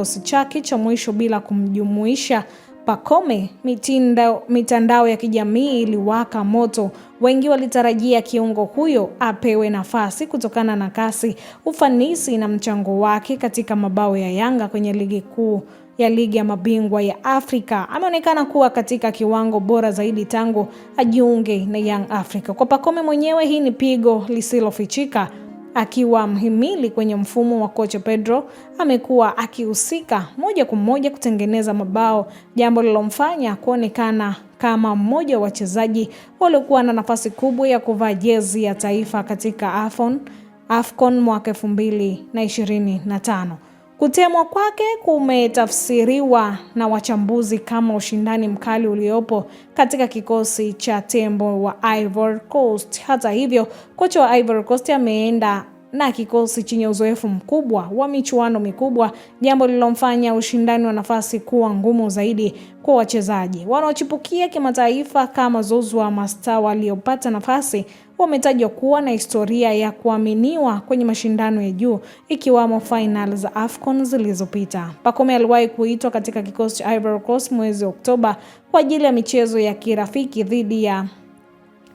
kikosi chake cha mwisho bila kumjumuisha Pacome. Mitandao, mitandao ya kijamii iliwaka moto. Wengi walitarajia kiungo huyo apewe nafasi kutokana na kasi, ufanisi na mchango wake katika mabao ya Yanga kwenye ligi kuu ya ligi ya mabingwa ya Afrika. Ameonekana kuwa katika kiwango bora zaidi tangu ajiunge na Young Africa. Kwa Pacome mwenyewe, hii ni pigo lisilofichika akiwa mhimili kwenye mfumo wa kocha Pedro amekuwa akihusika moja kwa moja kutengeneza mabao, jambo lilomfanya kuonekana kama mmoja wa wachezaji waliokuwa na nafasi kubwa ya kuvaa jezi ya taifa katika AFCON, AFCON mwaka 2025. Kutemwa kwake kumetafsiriwa na wachambuzi kama ushindani mkali uliopo katika kikosi cha Tembo wa Ivory Coast. Hata hivyo, kocha wa Ivory Coast ameenda na kikosi chenye uzoefu mkubwa wa michuano mikubwa, jambo lililomfanya ushindani wa nafasi kuwa ngumu zaidi kwa wachezaji wanaochipukia kimataifa kama Zouzoua. Mastaa waliopata nafasi wametajwa kuwa na historia ya kuaminiwa kwenye mashindano ya juu ikiwamo fainali za AFCON zilizopita. Pacome aliwahi kuitwa katika kikosi cha Ivory Coast mwezi Oktoba kwa ajili ya michezo ya kirafiki dhidi ya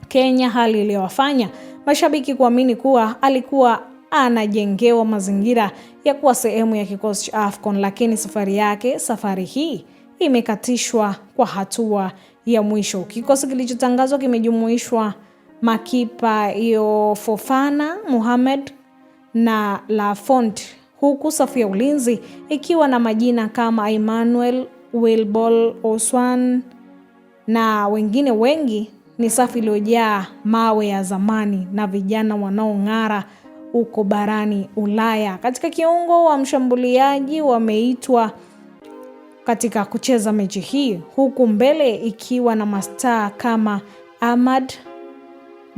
Kenya, hali iliyowafanya mashabiki kuamini kuwa alikuwa anajengewa mazingira ya kuwa sehemu ya kikosi cha AFCON, lakini safari yake safari hii imekatishwa kwa hatua ya mwisho. Kikosi kilichotangazwa kimejumuishwa makipa Yo Fofana, Mohamed na Lafont, huku safu ya ulinzi ikiwa na majina kama Emmanuel Wilbol Oswan na wengine wengi ni safu iliyojaa mawe ya zamani na vijana wanaong'ara huko barani Ulaya. Katika kiungo wa mshambuliaji wameitwa katika kucheza mechi hii, huku mbele ikiwa na mastaa kama Ahmad,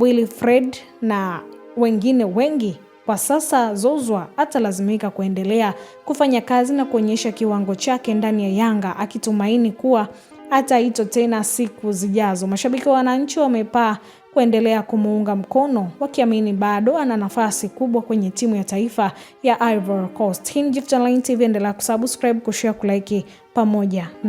Wilfred na wengine wengi. Kwa sasa Zozwa atalazimika kuendelea kufanya kazi na kuonyesha kiwango chake ndani ya Yanga akitumaini kuwa hataitwa tena siku zijazo. Mashabiki wa Wananchi wamepaa kuendelea kumuunga mkono wakiamini bado ana nafasi kubwa kwenye timu ya taifa ya Ivory Coast. Hii ni Gift Online TV, endelea kusubscribe, kushare, kulike pamoja